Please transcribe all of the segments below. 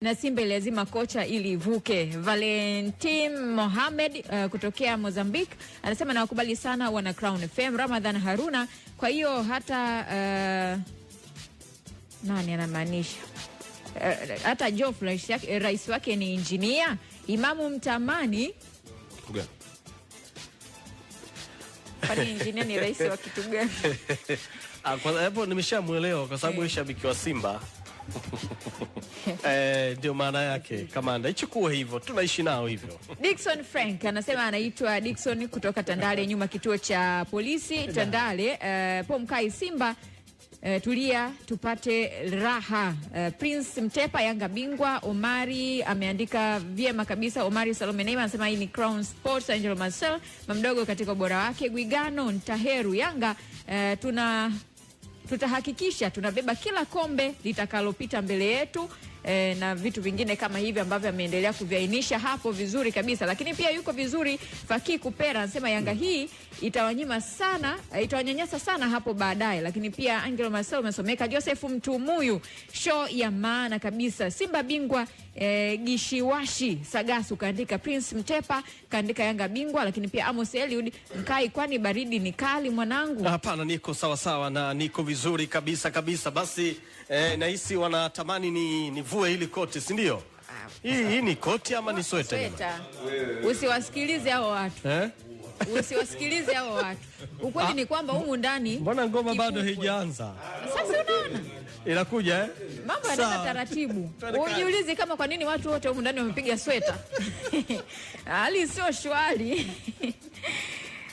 na Simba ilazima kocha ili ivuke. Valentin Mohamed uh, kutokea Mozambique anasema nawakubali sana wana Crown FM. Ramadhan Haruna, kwa hiyo hata uh, nani anamaanisha uh, hata Jof rais wake ni injinia. Imamu Mtamani kwani injinia ni rais wa kitu gani? Hapo ah, nimeshamwelewa kwa sababu shabiki wa Simba Eh, ndio maana yake kamanda, ichukue hivyo, tunaishi nao hivyo. Dickson Frank anasema anaitwa Dickson kutoka Tandale, nyuma kituo cha polisi Tandale. Eh, pomkai Simba Uh, tulia tupate raha. Uh, Prince Mtepa, Yanga bingwa. Omari ameandika vyema kabisa. Omari Salome Neima anasema hii ni Crown Sports. Angelo Marcel mamdogo katika ubora wake. Gwigano Ntaheru, Yanga uh, tuna tutahakikisha tunabeba kila kombe litakalopita mbele yetu e, na vitu vingine kama hivi ambavyo ameendelea kuviainisha hapo vizuri kabisa, lakini pia yuko vizuri Faki Kupera anasema Yanga mm. hii itawanyima sana, eh, itawanyanyasa sana hapo baadaye. Lakini pia Angelo Marcelo umesomeka, Joseph Mtumuyu, show ya maana kabisa, Simba bingwa e, gishiwashi Sagasu kaandika, Prince Mtepa kaandika Yanga bingwa, lakini pia Amos Eliud Mkai, kwani baridi ni kali mwanangu. Hapana, niko sawa sawa, na niko vizuri kabisa kabisa. Basi e, nahisi wanatamani ni, ni uvue hili koti, si ndio? Ah. Hii hii ni koti ama ni sweta? Usiwasikilize hao watu eh? Usiwasikilize hao watu. Ukweli ah. ni kwamba humu ndani, mbona ngoma bado haijaanza? Sasa unaona inakuja eh? Mambo yanaenda taratibu, ujiulizi kama kwa nini watu wote humu ndani wamepiga sweta. Hali sio shwari.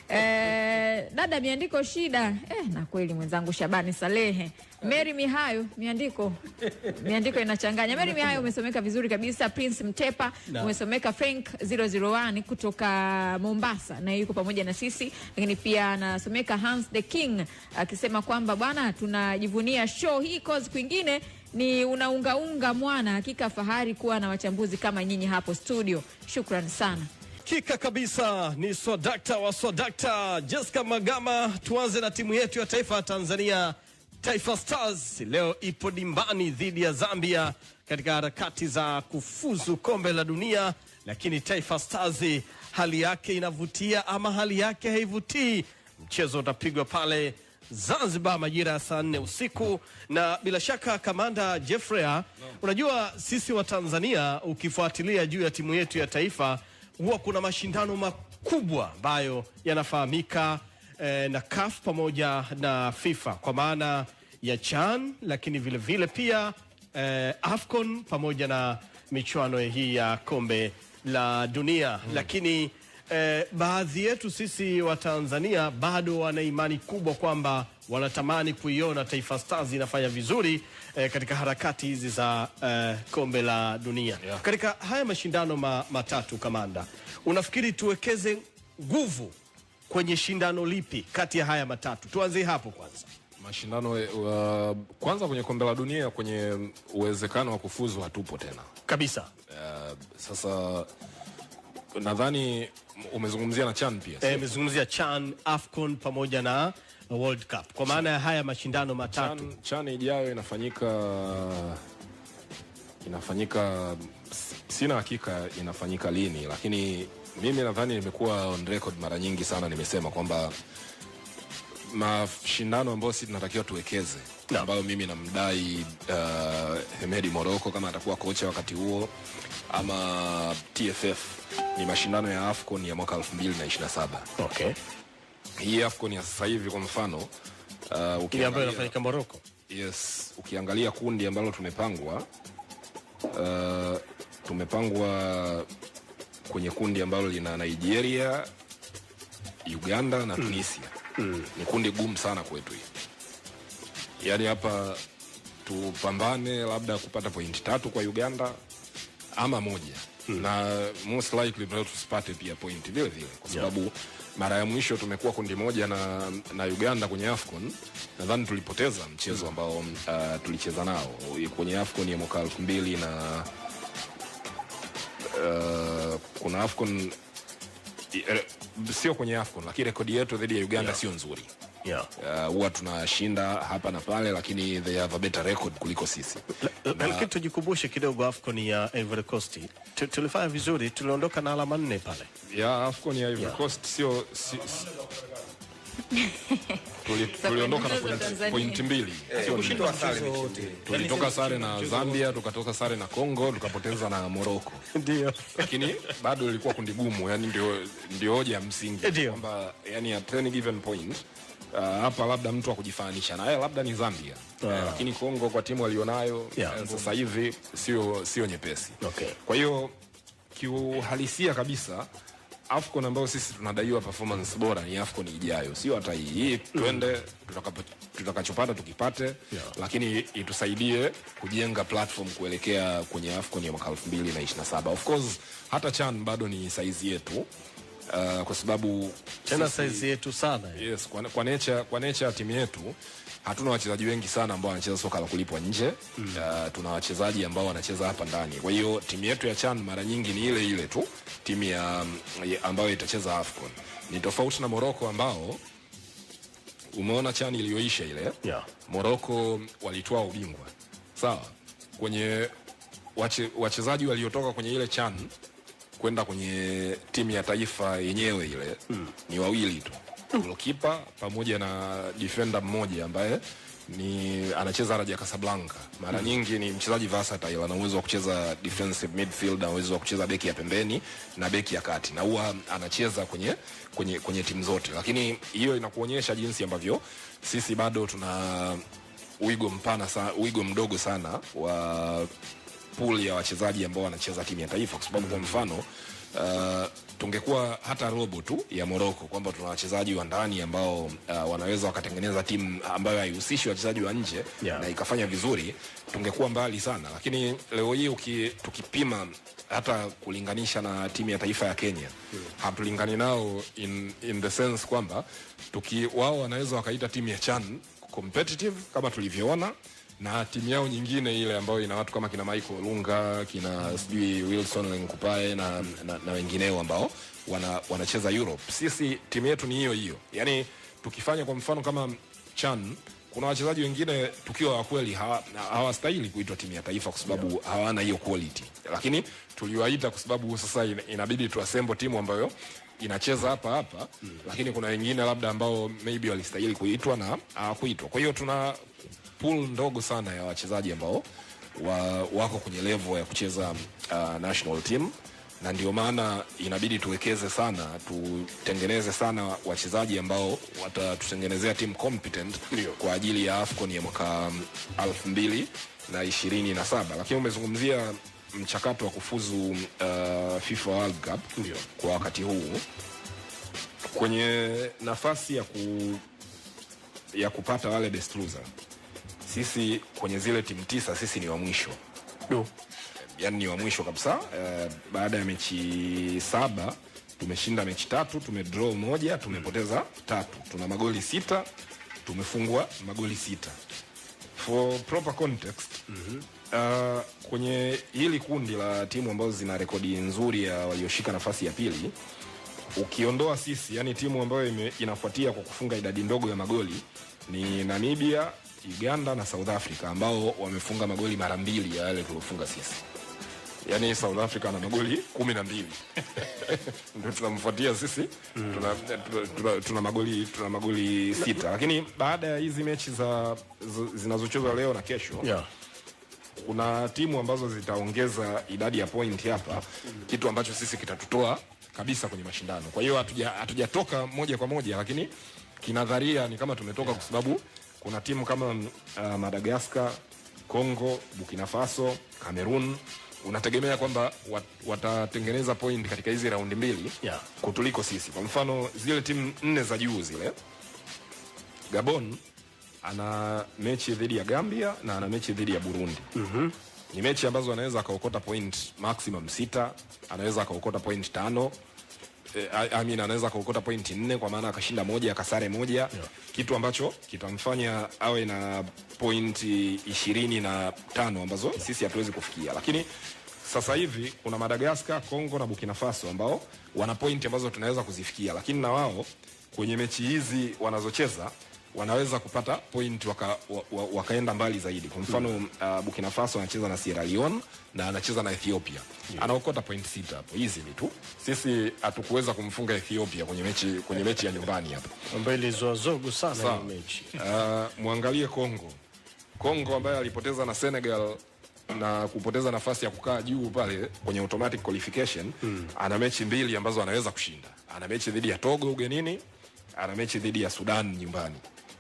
Eh, dada miandiko shida eh, na kweli mwenzangu Shabani Salehe Mary Mihayo miandiko miandiko inachanganya. Mary Mihayo umesomeka vizuri kabisa. Prince Mtepa no. umesomeka. Frank 001 kutoka Mombasa na yuko pamoja na sisi, lakini pia anasomeka Hans the King akisema kwamba bwana, tunajivunia show hii cause kwingine ni unaungaunga mwana. Hakika fahari kuwa na wachambuzi kama nyinyi hapo studio. Shukran sana hakika kabisa ni swadakta wa swadakta Jessica Magama. Tuanze na timu yetu ya taifa ya Tanzania, Taifa Stars leo ipo dimbani dhidi ya Zambia katika harakati za kufuzu kombe la dunia, lakini Taifa Stars hali yake inavutia ama hali yake haivutii? Mchezo utapigwa pale Zanzibar majira ya saa nne usiku na bila shaka kamanda Jeffrey no. Unajua sisi wa Tanzania ukifuatilia juu ya timu yetu ya taifa huwa kuna mashindano makubwa ambayo yanafahamika eh, na CAF pamoja na FIFA kwa maana ya CHAN, lakini vile vile pia eh, AFCON pamoja na michuano hii ya kombe la dunia hmm. Lakini eh, baadhi yetu sisi wa Tanzania bado wana imani kubwa kwamba wanatamani kuiona Taifa Stars inafanya vizuri eh, katika harakati hizi za eh, kombe la dunia yeah. Katika haya mashindano ma, matatu, kamanda, unafikiri tuwekeze nguvu kwenye shindano lipi kati ya haya matatu? Tuanze hapo kwanza mashindano uh, kwanza kwenye kombe la dunia, kwenye uwezekano wa kufuzu hatupo tena kabisa. Uh, sasa nadhani umezungumzia na Chan pia. Eh, umezungumzia Chan, Afcon pamoja na World Cup. Kwa maana ya haya mashindano matatu. Chan, Chan ijayo inafanyika inafanyika sina hakika inafanyika lini, lakini mimi nadhani nimekuwa on record mara nyingi sana nimesema kwamba mashindano ambayo sisi tunatakiwa tuwekeze no. ambayo mimi namdai uh, Hemedi Moroko kama atakuwa kocha wakati huo ama TFF ni mashindano ya AFCON ya mwaka 2027. Okay. Hii AFCON ya sasa hivi kwa mfano uh, ukiangalia Moroko. Yes, ukiangalia kundi ambalo tumepangwa uh, tumepangwa kwenye kundi ambalo lina Nigeria, Uganda na mm. Tunisia. Mm mm. ni kundi gumu sana kwetu hii, yaani hapa tupambane labda kupata pointi tatu kwa Uganda ama moja mm. na most likely tusipate pia pointi vile vile kwa sababu yeah. mara ya mwisho tumekuwa kundi moja na, na Uganda kwenye AFCON nadhani tulipoteza mchezo mm. ambao uh, tulicheza nao kwenye AFCON ya mwaka elfu mbili na uh, kuna AFCON sio kwenye AFCON, lakini rekodi yetu dhidi ya Uganda yeah. sio nzuri huwa yeah. uh, tunashinda hapa na pale, lakini they have a better record kuliko sisi. Lakini tujikumbushe kidogo AFCON ya Ivory Coast tulifanya vizuri, tuliondoka na alama nne pale. Yeah, AFCON ya Ivory Coast sio tuliondoka na pointi eh, mbili, tulitoka sare na Zambia, tukatoka sare na Congo, tukapoteza na Moroko ndio, lakini bado ilikuwa kundi gumu, yani ndio ndio hoja ya msingi eh, kwamba yani at any given point uh, hapa uh, labda mtu akujifananisha haya labda ni Zambia uh, uh, lakini Kongo kwa timu walionayo yeah, sasa hivi sio sio nyepesi okay. Kwa hiyo kiuhalisia kabisa Afcon ambayo sisi tunadaiwa performance bora ni Afcon ijayo, sio hata hii. Twende tutakachopata tukipate, yeah. Lakini itusaidie kujenga platform kuelekea kwenye Afcon ya mwaka 2027. Of course hata CHAN bado ni saizi yetu uh, kwa sababu tena size yetu sana yes, kwa, kwa nature kwa nature ya timu yetu hatuna wachezaji wengi sana ambao wanacheza soka la kulipwa nje mm. Uh, tuna wachezaji ambao wanacheza hapa ndani. Kwa hiyo timu yetu ya CHAN mara nyingi ni ile ile tu timu ya, ambayo itacheza AFCON. Ni tofauti na Morocco ambao umeona CHAN iliyoisha ile yeah. Morocco walitoa ubingwa sawa, kwenye wachezaji waliotoka kwenye ile CHAN kwenda kwenye timu ya taifa yenyewe ile mm. ni wawili tu mm. pamoja na defender mmoja ambaye ni anacheza Raja Casablanca. Mara mm. nyingi ni mchezaji versatile, ana uwezo wa kucheza defensive midfield, ana uwezo wa kucheza beki ya pembeni na beki ya kati, na huwa anacheza kwenye kwenye kwenye timu zote, lakini hiyo inakuonyesha jinsi ambavyo sisi bado tuna wigo mpana sana, wigo mdogo sana wa pool ya wachezaji ambao wanacheza timu ya taifa, kwa sababu kwa mfano uh, tungekuwa hata robo tu ya Morocco kwamba tuna wachezaji wa ndani ambao uh, wanaweza wakatengeneza timu ambayo haihusishi wachezaji wa nje yeah, na ikafanya vizuri, tungekuwa mbali sana, lakini leo hii tukipima hata kulinganisha na timu ya taifa ya Kenya yeah. hatulingani nao in, in the sense kwamba tuki wao wanaweza wakaita timu ya CHAN competitive kama tulivyoona na timu yao nyingine ile ambayo ina watu kama kina Michael Olunga, kina sijui Wilson Lenkupae na, na, na wengineo ambao wana, wanacheza Europe. Sisi timu yetu ni hiyo hiyo, yaani tukifanya kwa mfano kama CHAN kuna wachezaji wengine tukiwa wa kweli hawastahili kuitwa timu ya taifa kwa sababu yeah, hawana hiyo quality, lakini tuliwaita kwa sababu sasa inabidi tuasembo timu ambayo inacheza hapa hapa mm, lakini kuna wengine labda ambao maybe walistahili kuitwa na hawakuitwa. Kwa hiyo tuna pool ndogo sana ya wachezaji ambao wa, wako kwenye level ya kucheza uh, national team na ndio maana inabidi tuwekeze sana, tutengeneze sana wachezaji ambao watatutengenezea team competent Ndiyo. kwa ajili ya AFCON ya mwaka elfu um, na saba. Lakini umezungumzia mchakato wa kufuzu um, uh, FIFA World Cup Ndiyo. kwa wakati huu kwenye nafasi ya, ku, ya kupata wale best loser sisi kwenye zile timu tisa sisi ni wa mwisho no. Yani ni wa mwisho kabisa e, baada ya mechi saba tumeshinda mechi tatu, tumedraw moja, tumepoteza tatu, tuna magoli sita, tumefungwa magoli sita. For proper context mm -hmm. uh, kwenye hili kundi la timu ambazo zina rekodi nzuri ya walioshika nafasi ya pili ukiondoa sisi, yani timu ambayo inafuatia kwa kufunga idadi ndogo ya magoli ni Namibia, Uganda na South Africa ambao wamefunga magoli mara mbili ya yale tuliofunga sisi. Yaani South Africa ana magoli kumi na mbili ndio tunamfuatia sisi mm. tuna, tuna, tuna, tuna magoli tuna magoli sita, lakini baada ya hizi mechi za zinazochezwa leo na kesho yeah kuna timu ambazo zitaongeza idadi ya point hapa, kitu ambacho sisi kitatutoa kabisa kwenye mashindano. Kwa hiyo hatujatoka moja kwa moja, lakini kinadharia ni kama tumetoka yeah, kwa sababu kuna timu kama uh, Madagascar, Congo, Burkina Faso, Cameroon unategemea kwamba wat, watatengeneza point katika hizi raundi mbili yeah, kutuliko sisi. Kwa mfano zile timu nne za juu zile, Gabon ana mechi dhidi ya Gambia na ana mechi dhidi ya Burundi. mm -hmm. Ni mechi ambazo anaweza akaokota point maximum sita, anaweza akaokota point tano eh, I mean anaweza kuokota pointi nne kwa maana akashinda moja akasare moja yeah. Kitu ambacho kitamfanya awe na pointi ishirini na tano ambazo yeah. Sisi hatuwezi kufikia, lakini sasa hivi kuna Madagascar, Congo na Burkina Faso ambao wana pointi ambazo tunaweza kuzifikia, lakini na wao kwenye mechi hizi wanazocheza wanaweza kupata point waka, wa, wakaenda mbali zaidi. Kwa mfano hmm. uh, Burkina Faso anacheza na Sierra Leone na anacheza na Ethiopia yeah. Hmm. Anaokota point sita hapo, hizi ni tu. Sisi hatukuweza kumfunga Ethiopia kwenye mechi kwenye mechi ya nyumbani hapo ambayo ilizoazogu sana Sa, mechi uh, mwangalie Kongo Kongo ambaye alipoteza na Senegal na kupoteza nafasi ya kukaa juu pale kwenye automatic qualification hmm. Ana mechi mbili ambazo anaweza kushinda. Ana mechi dhidi ya Togo ugenini, ana mechi dhidi ya Sudan nyumbani.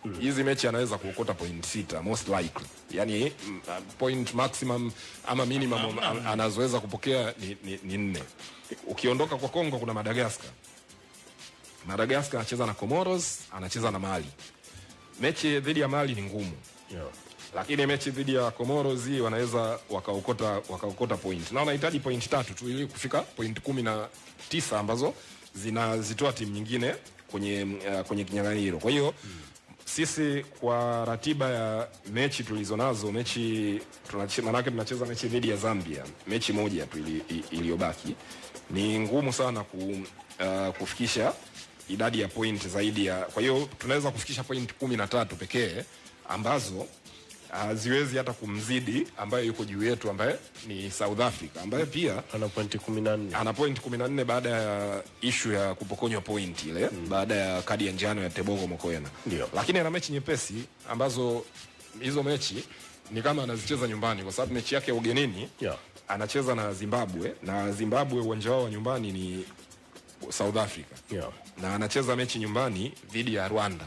Mm. hizi mechi anaweza kuokota point sita most likely, yani mm, point maximum ama minimum um, um, anazoweza kupokea ni, ni, ni nne. Ukiondoka kwa Kongo kuna Madagascar. Madagascar anacheza na Comoros, anacheza na Mali. Mechi dhidi ya Mali ni ngumu yeah. Lakini mechi dhidi ya Comoros hii wanaweza wakaokota wakaokota point, na wanahitaji point tatu tu ili kufika point kumi na tisa ambazo zinazitoa timu nyingine kwenye uh, kwenye kinyang'anyiro. Kwa hiyo mm. Sisi kwa ratiba ya mechi tulizonazo mechi tunache, manake tunacheza mechi dhidi ya Zambia, mechi moja tu iliyobaki. Ni ngumu sana ku, uh, kufikisha idadi ya point zaidi ya, kwa hiyo tunaweza kufikisha point kumi na tatu pekee ambazo Ah, haziwezi hata kumzidi ambaye yuko juu yetu ambaye ni South Africa ambaye pia ana pointi 14, ana pointi 14 baada ya ishu ya kupokonywa point ile mm, baada ya kadi ya njano ya Tebogo Mokoena, lakini ana mechi nyepesi ambazo hizo mechi ni kama anazicheza nyumbani kwa sababu mechi yake ugenini yeah, anacheza na Zimbabwe na Zimbabwe uwanja wao wa nyumbani ni South Africa yeah, na anacheza mechi nyumbani dhidi ya Rwanda,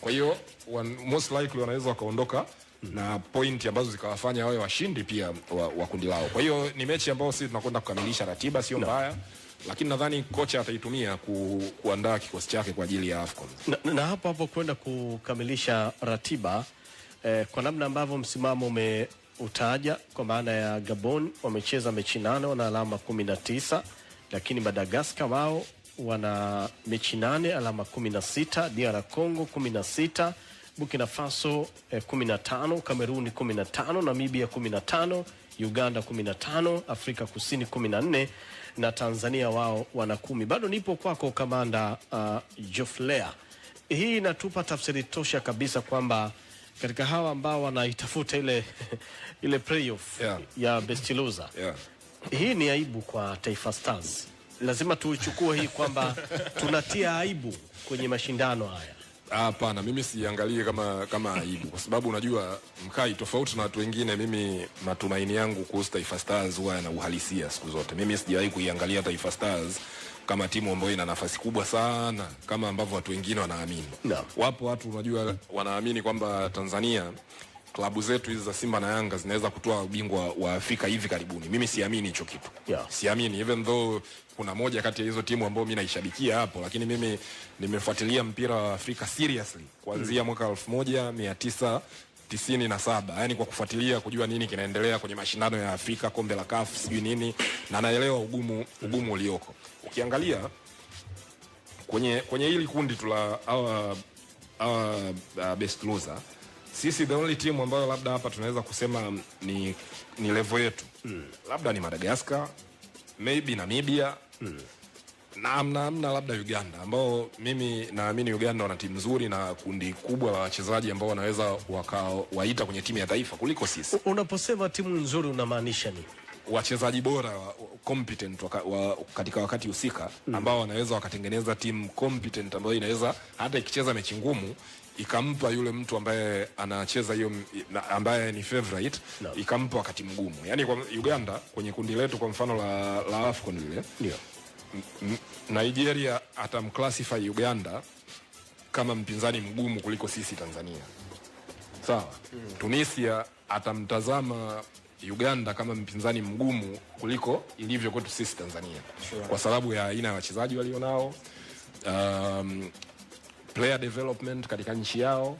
kwa hiyo wan, most likely wanaweza wakaondoka na point ambazo zikawafanya wawe washindi pia wa, wa kundi lao. Kwa hiyo ni mechi ambayo sisi tunakwenda kukamilisha ratiba, sio mbaya no lakini nadhani kocha ataitumia ku, kuandaa kikosi chake kwa ajili ya AFCON na, na hapo hapo kwenda kukamilisha ratiba eh, kwa namna ambavyo msimamo umeutaja kwa maana ya Gabon wamecheza mechi nane wana alama kumi na tisa lakini Madagascar wao wana mechi nane alama kumi na sita DR Congo kumi na sita Burkina Faso eh, 15, Kameruni 15, Namibia 15, Uganda 15, Afrika Kusini 14 na Tanzania wao wana kumi. Bado nipo kwako kamanda uh, Joflea. Hii inatupa tafsiri tosha kabisa kwamba katika hawa ambao wanaitafuta ile ile playoff yeah. ya best loser yeah. Hii ni aibu kwa Taifa Stars, lazima tuichukue hii kwamba tunatia aibu kwenye mashindano haya. Hapana, mimi siangalie kama kama aibu, kwa sababu unajua Mkai, tofauti na watu wengine, mimi matumaini yangu kuhusu Taifa Stars huwa yana uhalisia siku zote. Mimi sijawahi kuiangalia Taifa Stars kama timu ambayo ina nafasi kubwa sana kama ambavyo watu wengine wanaamini no. Wapo watu unajua wanaamini kwamba Tanzania klabu zetu hizi za Simba na Yanga zinaweza kutoa ubingwa wa Afrika hivi karibuni. Mimi siamini hicho kitu yeah. Siamini even though kuna moja kati ya hizo timu ambayo mimi naishabikia hapo, lakini mimi nimefuatilia mpira wa Afrika seriously kuanzia mm. mwaka 1900 tisini na saba yani, kwa kufuatilia kujua nini kinaendelea kwenye mashindano ya Afrika, kombe la CAF sijui nini, na naelewa ugumu ugumu ulioko. Ukiangalia kwenye kwenye hili kundi tu la hawa uh, best loser sisi the only team ambayo labda hapa tunaweza kusema ni, ni level yetu mm. labda ni Madagascar maybe Namibia mm. na amna labda Uganda ambao mimi naamini Uganda wana timu nzuri na kundi kubwa la wachezaji ambao wanaweza wakawaita kwenye timu ya taifa kuliko sisi. Unaposema timu nzuri unamaanisha nini? wachezaji bora wa, competent waka, wa, katika wakati husika mm. ambao wanaweza wakatengeneza timu competent ambayo inaweza hata ikicheza mechi ngumu ikampa yule mtu ambaye anacheza hiyo ambaye ni favorite no. ikampa wakati mgumu. yani kwa Uganda kwenye kundi letu kwa mfano la, la AFCON lile ndio Nigeria atamclassify Uganda kama mpinzani mgumu kuliko sisi Tanzania, sawa mm. Tunisia atamtazama Uganda kama mpinzani mgumu kuliko ilivyo kwetu sisi Tanzania sure. Kwa sababu ya aina ya wachezaji walionao um, player development katika nchi yao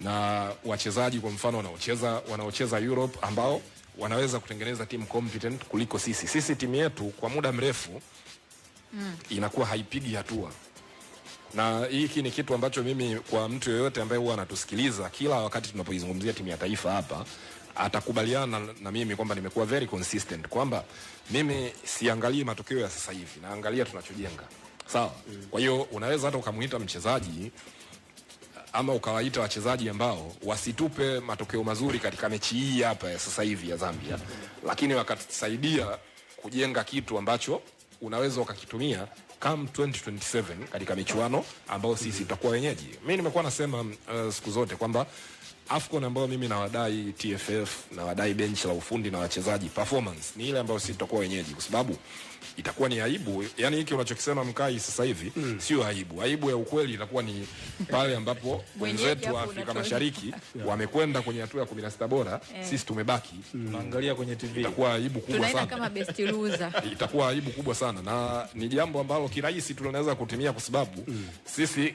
na wachezaji kwa mfano wanaocheza wanaocheza Europe ambao wanaweza kutengeneza timu competent kuliko sisi. Sisi timu yetu kwa muda mrefu mm, inakuwa haipigi hatua, na hiki ni kitu ambacho mimi kwa mtu yeyote ambaye huwa anatusikiliza kila wakati tunapoizungumzia timu ya taifa hapa atakubaliana na, na mimi kwamba nimekuwa very consistent kwamba mimi siangalii matokeo ya sasa hivi, naangalia tunachojenga sawa. Kwa hiyo unaweza hata ukamuita mchezaji ama ukawaita wachezaji ambao wasitupe matokeo mazuri katika mechi hii hapa ya sasa hivi ya Zambia, lakini wakatusaidia kujenga kitu ambacho unaweza ukakitumia kam 2027 katika michuano ambayo sisi tutakuwa wenyeji. Mimi nimekuwa nasema uh, siku zote kwamba AFCON ambayo mimi nawadai TFF, nawadai benchi la ufundi na wachezaji, performance ni ile ambayo sisi tutakuwa wenyeji, kwa sababu itakuwa ni aibu. Yani hiki unachokisema Mkai sasa hivi mm, sio aibu. Aibu ya ukweli itakuwa ni pale ambapo wenzetu wa Afrika Mashariki wamekwenda kwenye hatua ya 16 bora, eh. sisi tumebaki hmm. tunaangalia mm, kwenye TV. Itakuwa aibu kubwa sana, kama best loser itakuwa aibu kubwa sana, na ni jambo ambalo kirahisi tunaweza kutimia kwa sababu mm, sisi